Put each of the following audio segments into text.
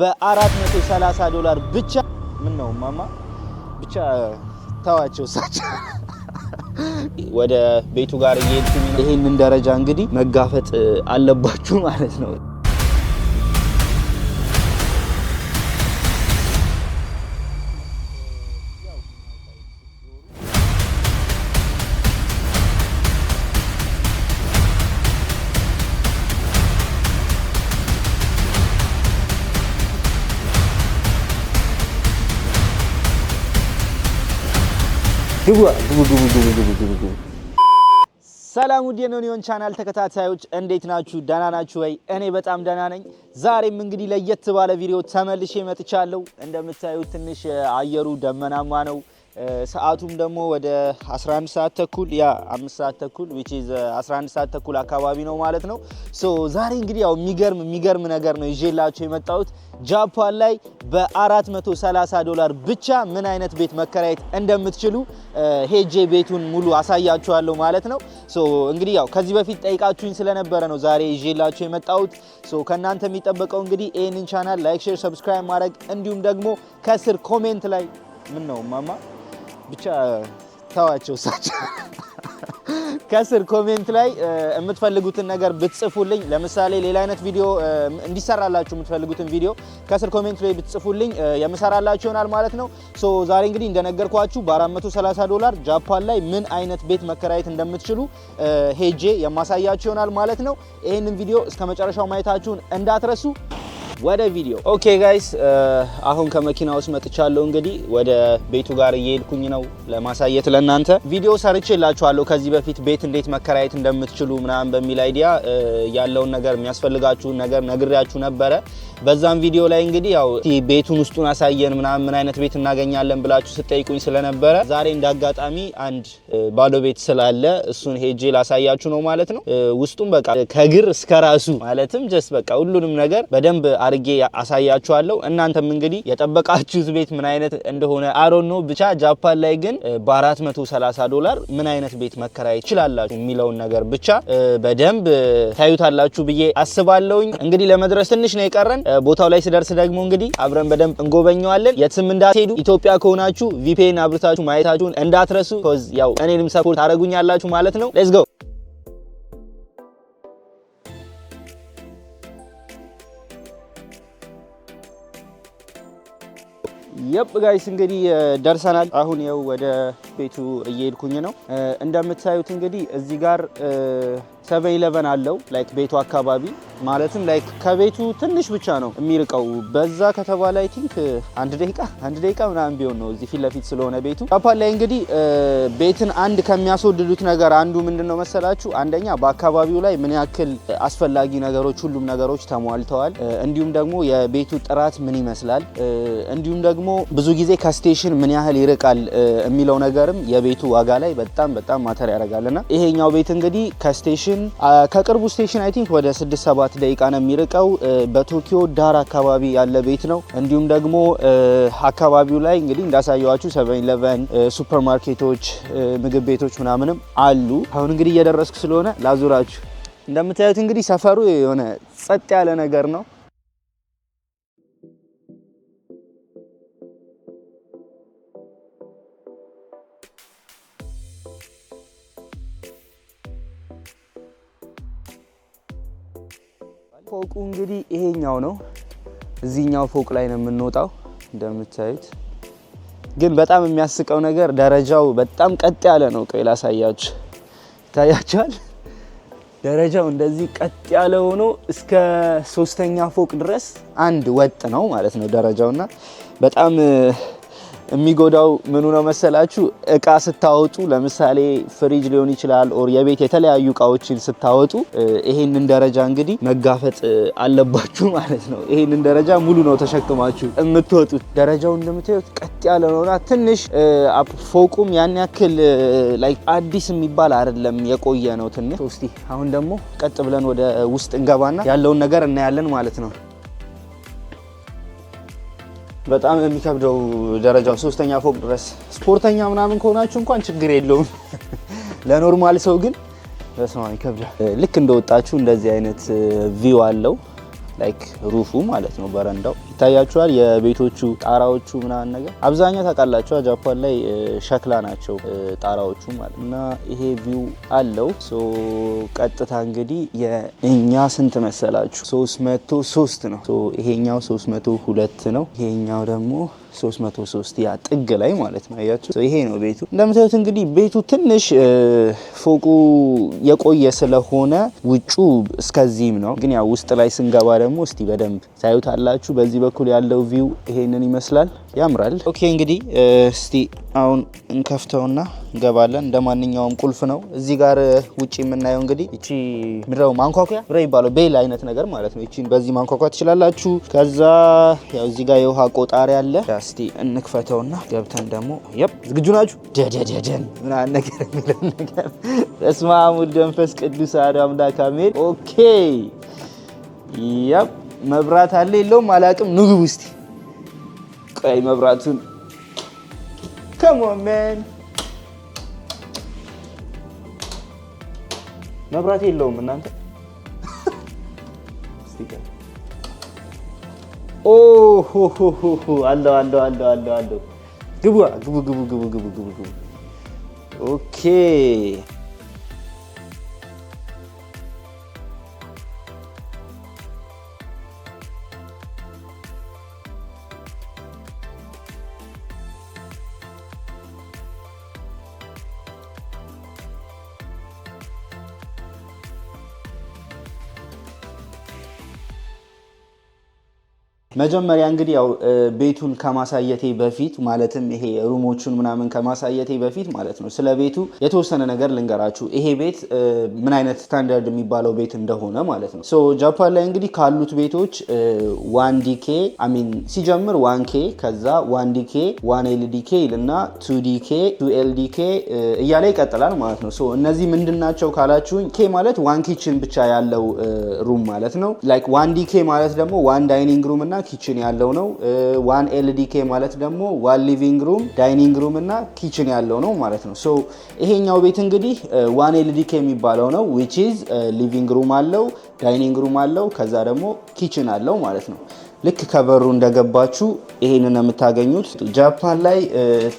በ430 ዶላር ብቻ ምን ነው ማማ ብቻ ታዋቸው እሳቸው ወደ ቤቱ ጋር እየሄድኩኝ ይህንን ደረጃ እንግዲህ መጋፈጥ አለባችሁ ማለት ነው። ግቡ ግቡ ግቡ። ሰላም ውድ የኖኒዮን ቻናል ተከታታዮች እንዴት ናችሁ? ደህና ናችሁ ወይ? እኔ በጣም ደህና ነኝ። ዛሬም እንግዲህ ለየት ባለ ቪዲዮ ተመልሼ መጥቻለሁ። እንደምታዩት ትንሽ አየሩ ደመናማ ነው። ሰዓቱም ደግሞ ወደ 11 ሰዓት ተኩል ያ 5 ሰዓት ተኩል which is 11 ሰዓት ተኩል አካባቢ ነው ማለት ነው። ሶ ዛሬ እንግዲህ ያው የሚገርም የሚገርም ነገር ነው ይዤላችሁ የመጣሁት ጃፓን ላይ በ430 ዶላር ብቻ ምን አይነት ቤት መከራየት እንደምትችሉ ሄጄ ቤቱን ሙሉ አሳያችኋለሁ ማለት ነው። ሶ እንግዲህ ያው ከዚህ በፊት ጠይቃችሁኝ ስለነበረ ነው ዛሬ ይዤላችሁ የመጣሁት። ሶ ከእናንተ የሚጠበቀው እንግዲህ ይህንን ቻናል ላይክ፣ ሼር፣ ሰብስክራይብ ማድረግ እንዲሁም ደግሞ ከስር ኮሜንት ላይ ምን ነው ማማ ብቻ ተዋቸው እሳቸው። ከስር ኮሜንት ላይ የምትፈልጉትን ነገር ብትጽፉልኝ፣ ለምሳሌ ሌላ አይነት ቪዲዮ እንዲሰራላችሁ የምትፈልጉትን ቪዲዮ ከስር ኮሜንት ላይ ብትጽፉልኝ የምሰራላችሁ ይሆናል ማለት ነው። ሶ ዛሬ እንግዲህ እንደነገርኳችሁ በ430 ዶላር ጃፓን ላይ ምን አይነት ቤት መከራየት እንደምትችሉ ሄጄ የማሳያችሁ ይሆናል ማለት ነው። ይህንን ቪዲዮ እስከ መጨረሻው ማየታችሁን እንዳትረሱ። ወደ ቪዲዮ። ኦኬ ጋይስ አሁን ከመኪና ውስጥ መጥቻለሁ። እንግዲህ ወደ ቤቱ ጋር እየሄድኩኝ ነው ለማሳየት ለእናንተ ቪዲዮ ሰርቼላችኋለሁ። ከዚህ በፊት ቤት እንዴት መከራየት እንደምትችሉ ምናምን በሚል አይዲያ ያለውን ነገር የሚያስፈልጋችሁን ነገር ነግሬያችሁ ነበረ። በዛም ቪዲዮ ላይ እንግዲህ ያው ቤቱን ውስጡን አሳየን ምናምን ምን አይነት ቤት እናገኛለን ብላችሁ ስጠይቁኝ ስለነበረ ዛሬ እንዳጋጣሚ አንድ ባዶ ቤት ስላለ እሱን ሄጄ ላሳያችሁ ነው ማለት ነው። ውስጡም በቃ ከግር እስከ ራሱ ማለትም ጀስ በቃ ሁሉንም ነገር በደንብ አርጌ አሳያችኋለሁ። እናንተም እንግዲህ የጠበቃችሁት ቤት ምን አይነት እንደሆነ አሮን ነው ብቻ ጃፓን ላይ ግን በ430 ዶላር ምን አይነት ቤት መከራ ይችላላችሁ የሚለውን ነገር ብቻ በደንብ ታዩታላችሁ ብዬ አስባለሁኝ። እንግዲህ ለመድረስ ትንሽ ነው የቀረን። ቦታው ላይ ስደርስ ደግሞ እንግዲህ አብረን በደንብ እንጎበኘዋለን። የትም እንዳትሄዱ ኢትዮጵያ ከሆናችሁ ቪፔን አብርታችሁ ማየታችሁን እንዳትረሱ። ኮዝ ያው እኔንም ሰፖርት ታደረጉኛላችሁ ማለት ነው። ሌትስ ጎ የብ ጋይስ እንግዲህ ደርሰናል። አሁን ያው ወደ ቤቱ እየሄድኩኝ ነው። እንደምታዩት እንግዲህ እዚህ ጋር ሰቨን ኢለቨን አለው ላይክ ቤቱ አካባቢ ማለትም ላይክ ከቤቱ ትንሽ ብቻ ነው የሚርቀው። በዛ ከተባለ አይ ቲንክ አንድ ደቂቃ አንድ ደቂቃ ምናምን ቢሆን ነው እዚህ ፊት ለፊት ስለሆነ ቤቱ። ጃፓን ላይ እንግዲህ ቤትን አንድ ከሚያስወድዱት ነገር አንዱ ምንድን ነው መሰላችሁ? አንደኛ በአካባቢው ላይ ምን ያክል አስፈላጊ ነገሮች ሁሉም ነገሮች ተሟልተዋል፣ እንዲሁም ደግሞ የቤቱ ጥራት ምን ይመስላል፣ እንዲሁም ደግሞ ብዙ ጊዜ ከስቴሽን ምን ያህል ይርቃል የሚለው ነገርም የቤቱ ዋጋ ላይ በጣም በጣም ማተር ያደርጋልና ይሄኛው ቤት እንግዲህ ከስቴሽን ስቴሽን ከቅርቡ ስቴሽን አይ ቲንክ ወደ 67 ደቂቃ ነው የሚርቀው። በቶኪዮ ዳር አካባቢ ያለ ቤት ነው። እንዲሁም ደግሞ አካባቢው ላይ እንግዲህ እንዳሳየዋችሁ 7ኢሌቨን፣ ሱፐር ማርኬቶች፣ ምግብ ቤቶች ምናምንም አሉ። አሁን እንግዲህ እየደረስኩ ስለሆነ ላዙራችሁ። እንደምታዩት እንግዲህ ሰፈሩ የሆነ ጸጥ ያለ ነገር ነው። ፎቁ እንግዲህ ይሄኛው ነው። እዚህኛው ፎቅ ላይ ነው የምንወጣው እንደምታዩት። ግን በጣም የሚያስቀው ነገር ደረጃው በጣም ቀጥ ያለ ነው። ቆይ ላሳያችሁ። ይታያችኋል። ደረጃው እንደዚህ ቀጥ ያለ ሆኖ እስከ ሶስተኛ ፎቅ ድረስ አንድ ወጥ ነው ማለት ነው ደረጃውና በጣም የሚጎዳው ምኑ ነው መሰላችሁ? እቃ ስታወጡ ለምሳሌ ፍሪጅ ሊሆን ይችላል ኦር የቤት የተለያዩ እቃዎችን ስታወጡ ይሄንን ደረጃ እንግዲህ መጋፈጥ አለባችሁ ማለት ነው። ይሄንን ደረጃ ሙሉ ነው ተሸክማችሁ የምትወጡት። ደረጃው እንደምታዩት ቀጥ ያለ ነውና ትንሽ ፎቁም ያን ያክል ላይ አዲስ የሚባል አይደለም የቆየ ነው ትንሽ። እስቲ አሁን ደግሞ ቀጥ ብለን ወደ ውስጥ እንገባና ያለውን ነገር እናያለን ማለት ነው። በጣም የሚከብደው ደረጃው ሶስተኛ ፎቅ ድረስ። ስፖርተኛ ምናምን ከሆናችሁ እንኳን ችግር የለውም። ለኖርማል ሰው ግን በስማ ይከብዳል። ልክ እንደወጣችሁ እንደዚህ አይነት ቪው አለው ላይክ ሩፉ ማለት ነው በረንዳው ይታያችኋል። የቤቶቹ ጣራዎቹ ምናምን ነገር አብዛኛው ታውቃላችኋ፣ ጃፓን ላይ ሸክላ ናቸው ጣራዎቹ ማለት እና ይሄ ቪው አለው። ቀጥታ እንግዲህ የእኛ ስንት መሰላችሁ? 303 ነው። ይሄኛው 302 ነው። ይሄኛው ደግሞ 303 ያ ጥግ ላይ ማለት ነው። አያችሁ ይሄ ነው ቤቱ። እንደምታዩት እንግዲህ ቤቱ ትንሽ ፎቁ የቆየ ስለሆነ ውጩ እስከዚህም ነው፣ ግን ያው ውስጥ ላይ ስንገባ ደግሞ እስቲ በደንብ ታዩታላችሁ በዚህ በዚህ በኩል ያለው ቪው ይሄንን ይመስላል። ያምራል። ኦኬ እንግዲህ እስቲ አሁን እንከፍተውና እንገባለን። እንደ ማንኛውም ቁልፍ ነው። እዚህ ጋር ውጭ የምናየው እንግዲህ እቺ ምድረው ማንኳኳያ ብረ ይባለው ቤል አይነት ነገር ማለት ነው። እቺን በዚህ ማንኳኳ ትችላላችሁ። ከዛ ያው እዚህ ጋር የውሃ ቆጣሪ አለ። እስቲ እንክፈተውና ገብተን ደግሞ የብ ዝግጁ ናችሁ? ደደደደን ምናምን ነገር የሚለውን ነገር በስመ አብ ወወልድ ወመንፈስ ቅዱስ አሐዱ አምላክ አሜን። ኦኬ ያብ መብራት አለ የለውም አላውቅም። ንግብ ውስጥ ቀይ መብራቱን ከሞመን መብራት የለውም እናንተ አለው አለው አለው አለው አለው ግቡ ግቡ ግቡ ግቡ ግቡ ግቡ ኦኬ መጀመሪያ እንግዲህ ያው ቤቱን ከማሳየቴ በፊት ማለትም ይሄ ሩሞቹን ምናምን ከማሳየቴ በፊት ማለት ነው ስለ ቤቱ የተወሰነ ነገር ልንገራችሁ። ይሄ ቤት ምን አይነት ስታንዳርድ የሚባለው ቤት እንደሆነ ማለት ነው። ሶ ጃፓን ላይ እንግዲህ ካሉት ቤቶች ዋን ዲኬ አሚን ሲጀምር ዋን ኬ ከዛ ዋን ዲኬ ዋን ኤል ዲኬ ይልና ቱ ዲኬ ቱ ኤል ዲኬ እያለ ይቀጥላል ማለት ነው። ሶ እነዚህ ምንድን ናቸው ካላችሁኝ፣ ኬ ማለት ዋን ኪችን ብቻ ያለው ሩም ማለት ነው። ላይክ ዋን ዲኬ ማለት ደግሞ ዋን ዳይኒንግ ሩም እና ኪችን ያለው ነው። ዋን ኤልዲኬ ማለት ደግሞ ዋን ሊቪንግ ሩም፣ ዳይኒንግ ሩም እና ኪችን ያለው ነው ማለት ነው። ሶ ይሄኛው ቤት እንግዲህ ዋን ኤልዲኬ የሚባለው ነው። ዊች ኢዝ ሊቪንግ ሩም አለው፣ ዳይኒንግ ሩም አለው፣ ከዛ ደግሞ ኪችን አለው ማለት ነው። ልክ ከበሩ እንደገባችሁ ይሄንን የምታገኙት። ጃፓን ላይ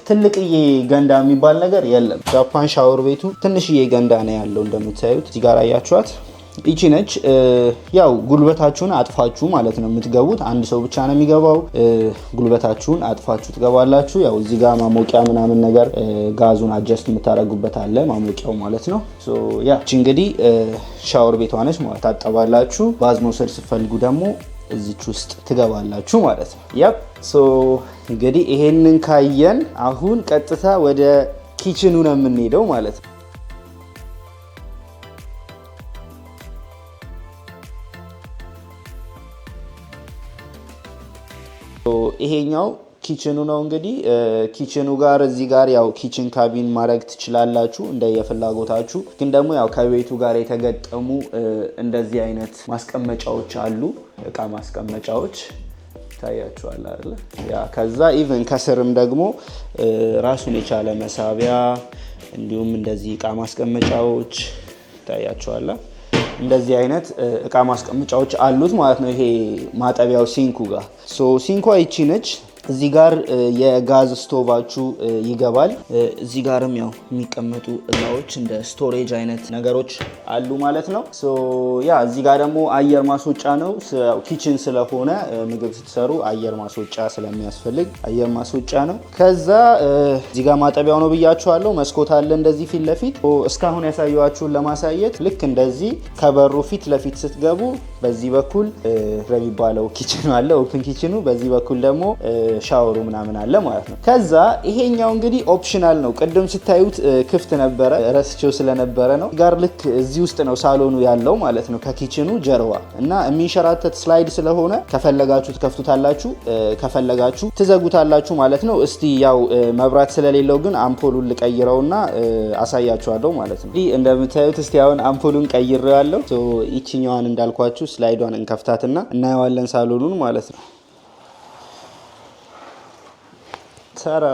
ትልቅዬ ገንዳ የሚባል ነገር የለም። ጃፓን ሻወር ቤቱ ትንሽዬ ገንዳ ነው ያለው እንደምታዩት እዚህ ጋር አያችኋት። ይቺ ነች። ያው ጉልበታችሁን አጥፋችሁ ማለት ነው የምትገቡት። አንድ ሰው ብቻ ነው የሚገባው። ጉልበታችሁን አጥፋችሁ ትገባላችሁ። ያው እዚህ ጋር ማሞቂያ ምናምን ነገር ጋዙን አጀስት የምታደርጉበት አለ፣ ማሞቂያው ማለት ነው። ያ ይቺ እንግዲህ ሻወር ቤቷ ነች ማለት ታጠባላችሁ። ባዝ መውሰድ ስትፈልጉ ደግሞ እዚች ውስጥ ትገባላችሁ ማለት ነው። ያ እንግዲህ ይሄንን ካየን አሁን ቀጥታ ወደ ኪችኑ ነው የምንሄደው ማለት ነው። ይሄኛው ኪችኑ ነው እንግዲህ ኪችኑ ጋር እዚህ ጋር ያው ኪችን ካቢን ማድረግ ትችላላችሁ እንደ የፍላጎታችሁ። ግን ደግሞ ያው ከቤቱ ጋር የተገጠሙ እንደዚህ አይነት ማስቀመጫዎች አሉ፣ እቃ ማስቀመጫዎች ይታያችኋል አለ ያ ከዛ ኢቨን ከስርም ደግሞ ራሱን የቻለ መሳቢያ እንዲሁም እንደዚህ እቃ ማስቀመጫዎች ይታያችኋል። እንደዚህ አይነት እቃ ማስቀመጫዎች አሉት ማለት ነው። ይሄ ማጠቢያው ሲንኩ ጋር ሲንኳ ይቺ ነች። እዚህ ጋር የጋዝ ስቶቫቹ ይገባል። እዚህ ጋርም ያው የሚቀመጡ እዛዎች እንደ ስቶሬጅ አይነት ነገሮች አሉ ማለት ነው። ያ እዚህ ጋር ደግሞ አየር ማስወጫ ነው። ኪችን ስለሆነ ምግብ ስትሰሩ አየር ማስወጫ ስለሚያስፈልግ አየር ማስወጫ ነው። ከዛ እዚህ ጋር ማጠቢያው ነው ብያችኋለሁ። መስኮት አለ እንደዚህ ፊት ለፊት እስካሁን ያሳየኋችሁን ለማሳየት ልክ እንደዚህ ከበሩ ፊት ለፊት ስትገቡ በዚህ በኩል በሚባለው ኪችኑ አለ ኦፕን ኪችኑ፣ በዚህ በኩል ደግሞ ሻወሩ ምናምን አለ ማለት ነው። ከዛ ይሄኛው እንግዲህ ኦፕሽናል ነው። ቅድም ስታዩት ክፍት ነበረ ረስቸው ስለነበረ ነው ጋር ልክ እዚህ ውስጥ ነው ሳሎኑ ያለው ማለት ነው ከኪችኑ ጀርባ እና የሚንሸራተት ስላይድ ስለሆነ ከፈለጋችሁ ትከፍቱታላችሁ፣ ከፈለጋችሁ ትዘጉታላችሁ ማለት ነው። እስቲ ያው መብራት ስለሌለው ግን አምፖሉን ልቀይረውና አሳያችኋለሁ ማለት ነው። እንደምታዩት እስቲ አሁን አምፖሉን ቀይሬዋለሁ። ይችኛዋን እንዳልኳችሁ ስላይዷን እንከፍታትና እናየዋለን ሳሎኑን ማለት ነው። ተራ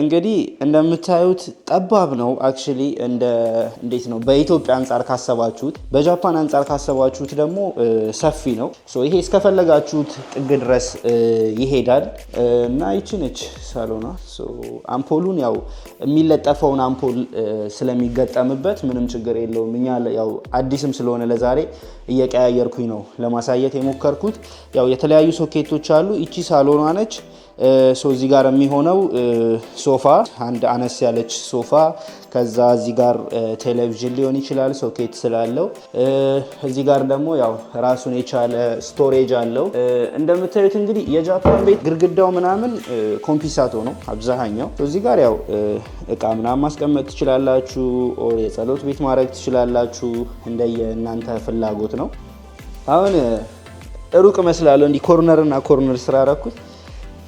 እንግዲህ እንደምታዩት ጠባብ ነው። አክቹዋሊ እንዴት ነው በኢትዮጵያ አንጻር ካሰባችሁት፣ በጃፓን አንጻር ካሰባችሁት ደግሞ ሰፊ ነው። ይሄ እስከፈለጋችሁት ጥግ ድረስ ይሄዳል እና ይቺ ነች ሳሎና። አምፖሉን ያው የሚለጠፈውን አምፖል ስለሚገጠምበት ምንም ችግር የለውም። እኛ ያው አዲስም ስለሆነ ለዛሬ እየቀያየርኩኝ ነው ለማሳየት የሞከርኩት። ያው የተለያዩ ሶኬቶች አሉ። ይቺ ሳሎኗ ነች። ሰው እዚህ ጋር የሚሆነው ሶፋ አንድ አነስ ያለች ሶፋ፣ ከዛ እዚህ ጋር ቴሌቪዥን ሊሆን ይችላል ሶኬት ስላለው። እዚህ ጋር ደግሞ ያው ራሱን የቻለ ስቶሬጅ አለው። እንደምታዩት እንግዲህ የጃፓን ቤት ግድግዳው ምናምን ኮምፒሳቶ ነው አብዛኛው። እዚህ ጋር ያው እቃ ምናምን ማስቀመጥ ትችላላችሁ፣ ኦር የጸሎት ቤት ማድረግ ትችላላችሁ። እንደየእናንተ ፍላጎት ነው። አሁን ሩቅ መስላለሁ እንዲህ ኮርነርና ኮርነር ስራ ረኩት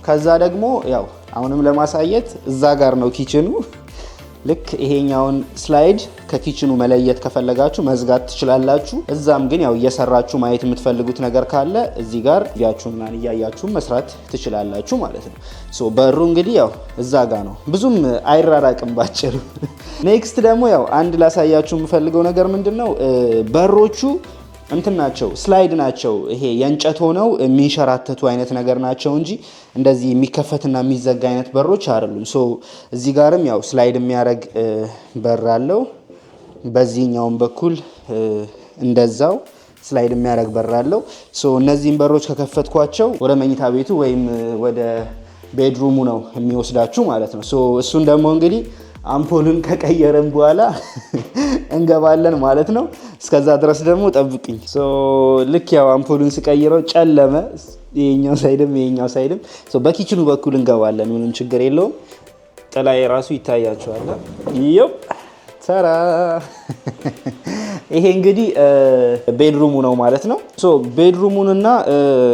ከዛ ደግሞ ያው አሁንም ለማሳየት እዛ ጋር ነው ኪችኑ። ልክ ይሄኛውን ስላይድ ከኪችኑ መለየት ከፈለጋችሁ መዝጋት ትችላላችሁ። እዛም ግን ያው እየሰራችሁ ማየት የምትፈልጉት ነገር ካለ እዚህ ጋር እያችሁና እያያችሁ መስራት ትችላላችሁ ማለት ነው። በሩ እንግዲህ ያው እዛ ጋር ነው፣ ብዙም አይራራቅም ባጭሩ። ኔክስት ደግሞ ያው አንድ ላሳያችሁ የምፈልገው ነገር ምንድን ነው በሮቹ እንትን ናቸው ስላይድ ናቸው። ይሄ የእንጨት ሆነው የሚንሸራተቱ አይነት ነገር ናቸው እንጂ እንደዚህ የሚከፈትና የሚዘጋ አይነት በሮች አይደሉም። ሶ እዚህ ጋርም ያው ስላይድ የሚያደርግ በር አለው። በዚህኛውም በኩል እንደዛው ስላይድ የሚያደርግ በር አለው። ሶ እነዚህን በሮች ከከፈትኳቸው ወደ መኝታ ቤቱ ወይም ወደ ቤድሩሙ ነው የሚወስዳችሁ ማለት ነው። ሶ እሱን ደግሞ እንግዲህ አምፖሉን ከቀየረን በኋላ እንገባለን ማለት ነው። እስከዛ ድረስ ደግሞ ጠብቅኝ። ልክ ያው አምፖሉን ስቀይረው ጨለመ። ይሄኛው ሳይድም ይሄኛው ሳይድም በኪችኑ በኩል እንገባለን። ምንም ችግር የለውም። ጥላ የራሱ ይታያቸዋል። ይው ተራ ይሄ እንግዲህ ቤድሩሙ ነው ማለት ነው። ሶ ቤድሩሙንና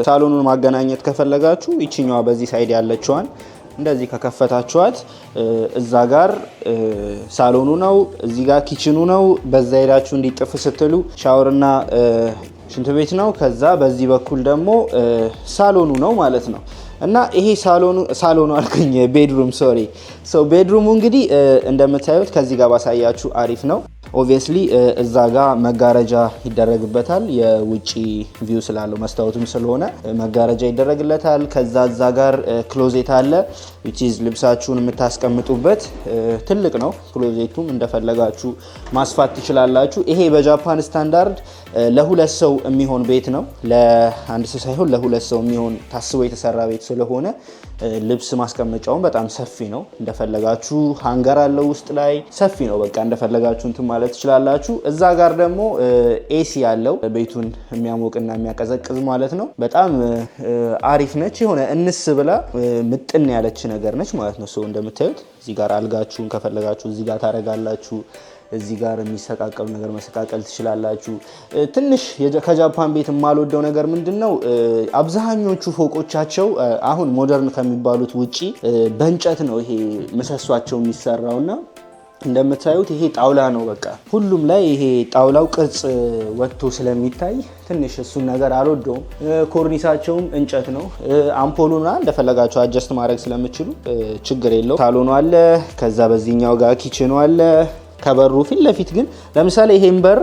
ሳሎኑን ማገናኘት ከፈለጋችሁ ይችኛዋ በዚህ ሳይድ ያለችዋን እንደዚህ ከከፈታችኋት እዛ ጋር ሳሎኑ ነው፣ እዚህ ጋር ኪችኑ ነው። በዛ ሄዳችሁ እንዲጥፍ ስትሉ ሻወርና ሽንት ቤት ነው። ከዛ በዚህ በኩል ደግሞ ሳሎኑ ነው ማለት ነው። እና ይሄ ሳሎኑ ሳሎኑ አልኩኝ፣ ቤድሩም ሶሪ። ሶ ቤድሩሙ እንግዲህ እንደምታዩት ከዚህ ጋር ባሳያችሁ አሪፍ ነው። ኦብቪየስሊ እዛ ጋር መጋረጃ ይደረግበታል። የውጭ ቪው ስላለው መስታወትም ስለሆነ መጋረጃ ይደረግለታል። ከዛ እዛ ጋር ክሎዜት አለ ዊችዝ ልብሳችሁን የምታስቀምጡበት ትልቅ ነው። ክሎዜቱም እንደፈለጋችሁ ማስፋት ትችላላችሁ። ይሄ በጃፓን ስታንዳርድ ለሁለት ሰው የሚሆን ቤት ነው። ለአንድ ሰው ሳይሆን ለሁለት ሰው የሚሆን ታስቦ የተሰራ ቤት ስለሆነ ልብስ ማስቀመጫውን በጣም ሰፊ ነው። እንደፈለጋችሁ ሃንገር አለው ውስጥ ላይ ሰፊ ነው። በቃ እንደፈለጋችሁ እንትን ማለት ትችላላችሁ። እዛ ጋር ደግሞ ኤሲ ያለው ቤቱን የሚያሞቅና የሚያቀዘቅዝ ማለት ነው። በጣም አሪፍ ነች። የሆነ እንስ ብላ ምጥን ያለች ነገር ነች ማለት ነው። እንደምታዩት እዚህ ጋር አልጋችሁን ከፈለጋችሁ እዚህ ጋር ታደርጋላችሁ። እዚህ ጋር የሚሰቃቀሉ ነገር መሰቃቀል ትችላላችሁ። ትንሽ ከጃፓን ቤት የማልወደው ነገር ምንድን ነው፣ አብዛኞቹ ፎቆቻቸው አሁን ሞደርን ከሚባሉት ውጪ በእንጨት ነው ይሄ ምሰሷቸው እና እንደምታዩት ይሄ ጣውላ ነው። በቃ ሁሉም ላይ ይሄ ጣውላው ቅርጽ ወጥቶ ስለሚታይ ትንሽ እሱን ነገር አልወደውም። ኮርኒሳቸውም እንጨት ነው። አምፖሉና እንደፈለጋቸው አጀስት ማድረግ ስለምችሉ ችግር የለው። ሳሎኑ አለ። ከዛ በዚህኛው ጋር ኪችኑ አለ። ከበሩ ፊት ለፊት ግን ለምሳሌ ይሄን በር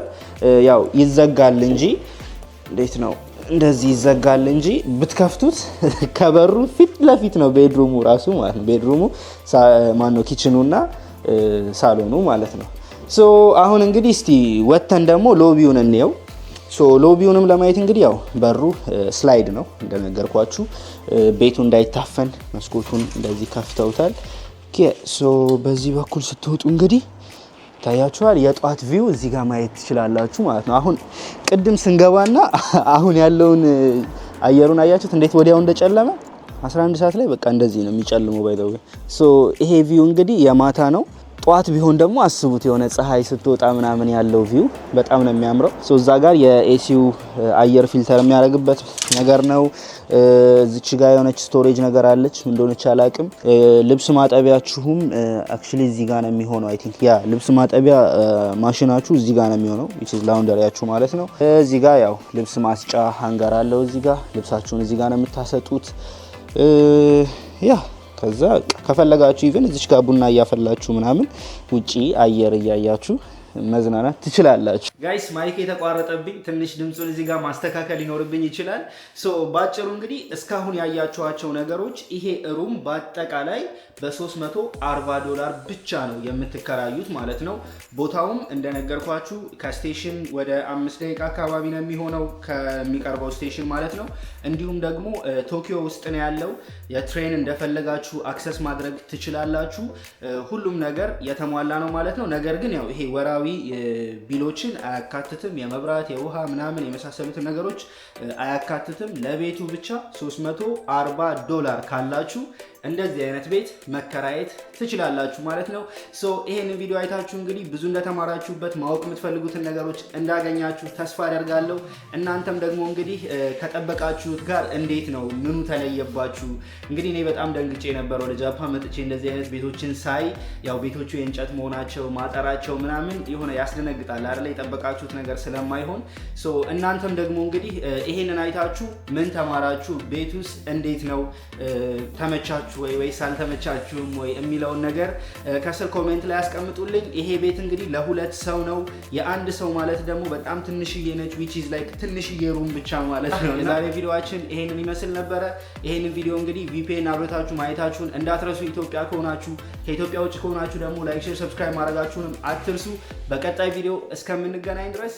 ያው ይዘጋል እንጂ እንዴት ነው እንደዚህ ይዘጋል እንጂ ብትከፍቱት ከበሩ ፊት ለፊት ነው ቤድሩሙ ራሱ ማለት ነው። ቤድሩሙ ማነው ሳሎኑ ማለት ነው። ሶ አሁን እንግዲህ እስቲ ወተን ደግሞ ሎቢውን እንየው። ሶ ሎቢውንም ለማየት እንግዲህ ያው በሩ ስላይድ ነው እንደነገርኳችሁ። ቤቱ እንዳይታፈን መስኮቱን እንደዚህ ከፍተውታል። ሶ በዚህ በኩል ስትወጡ እንግዲህ ታያችኋል። የጧት ቪው እዚህ ጋር ማየት ትችላላችሁ ማለት ነው። አሁን ቅድም ስንገባና አሁን ያለውን አየሩን አያችሁት እንዴት ወዲያው እንደጨለመ 11 ሰዓት ላይ በቃ እንደዚህ ነው የሚጨልመው። ባይተው ይሄ ቪው እንግዲህ የማታ ነው። ጠዋት ቢሆን ደግሞ አስቡት የሆነ ፀሐይ ስትወጣ ምናምን ያለው ቪው በጣም ነው የሚያምረው። ሶ እዛ ጋር የኤሲዩ አየር ፊልተር የሚያደርግበት ነገር ነው። እዚች ጋር የሆነች ስቶሬጅ ነገር አለች፣ እንደሆነች አላቅም። ልብስ ማጠቢያችሁም አክቹሊ እዚህ ጋ ነው የሚሆነው። አይ ቲንክ ያ ልብስ ማጠቢያ ማሽናችሁ እዚህ ጋ ነው የሚሆነው፣ ላውንደሪያችሁ ማለት ነው። እዚህ ጋር ያው ልብስ ማስጫ ሃንገር አለው። እዚህ ጋር ልብሳችሁን እዚህ ጋ ነው የምታሰጡት ያ ከዛ ከፈለጋችሁ ኢቨን እዚች ጋር ቡና እያፈላችሁ ምናምን ውጪ አየር እያያችሁ መዝናናት ትችላላችሁ። ጋይስ ማይክ የተቋረጠብኝ ትንሽ ድምፁን እዚህ ጋር ማስተካከል ሊኖርብኝ ይችላል። ሶ ባጭሩ እንግዲህ እስካሁን ያያችኋቸው ነገሮች ይሄ ሩም በአጠቃላይ በ340 ዶላር ብቻ ነው የምትከራዩት ማለት ነው። ቦታውም እንደነገርኳችሁ ከስቴሽን ወደ አምስት ደቂቃ አካባቢ ነው የሚሆነው ከሚቀርበው ስቴሽን ማለት ነው። እንዲሁም ደግሞ ቶኪዮ ውስጥ ነው ያለው። የትሬን እንደፈለጋችሁ አክሰስ ማድረግ ትችላላችሁ። ሁሉም ነገር የተሟላ ነው ማለት ነው። ነገር ግን ያው ይሄ ወራዊ ቢሎችን አያካትትም። የመብራት የውሃ ምናምን የመሳሰሉትን ነገሮች አያካትትም። ለቤቱ ብቻ 340 ዶላር ካላችሁ እንደዚህ አይነት ቤት መከራየት ትችላላችሁ ማለት ነው። ሶ ይሄንን ቪዲዮ አይታችሁ እንግዲህ ብዙ እንደተማራችሁበት ማወቅ የምትፈልጉትን ነገሮች እንዳገኛችሁ ተስፋ አደርጋለሁ። እናንተም ደግሞ እንግዲህ ከጠበቃችሁት ጋር እንዴት ነው ምኑ ተለየባችሁ? እንግዲህ እኔ በጣም ደንግጬ የነበረ ወደ ጃፓን መጥቼ እንደዚህ አይነት ቤቶችን ሳይ፣ ያው ቤቶቹ የእንጨት መሆናቸው ማጠራቸው ምናምን የሆነ ያስደነግጣል አይደለ? የጠበቃችሁት ነገር ስለማይሆን ሶ እናንተም ደግሞ እንግዲህ ይሄንን አይታችሁ ምን ተማራችሁ? ቤት ውስጥ እንዴት ነው ተመቻችሁ ተመቻችሁ ወይ ወይስ አልተመቻችሁም ወይ የሚለውን ነገር ከስር ኮሜንት ላይ ያስቀምጡልኝ። ይሄ ቤት እንግዲህ ለሁለት ሰው ነው። የአንድ ሰው ማለት ደግሞ በጣም ትንሽዬ ነች፣ ዊች ኢዝ ላይክ ትንሽዬ ሩም ብቻ ማለት ነው። የዛሬ ቪዲዮችን ይሄንን ይመስል ነበረ። ይሄንን ቪዲዮ እንግዲህ ቪፒኤን አብረታችሁ ማየታችሁን እንዳትረሱ። ኢትዮጵያ ከሆናችሁ ከኢትዮጵያ ውጭ ከሆናችሁ ደግሞ ላይክ፣ ሼር፣ ሰብስክራይብ ማድረጋችሁንም አትርሱ። በቀጣይ ቪዲዮ እስከምንገናኝ ድረስ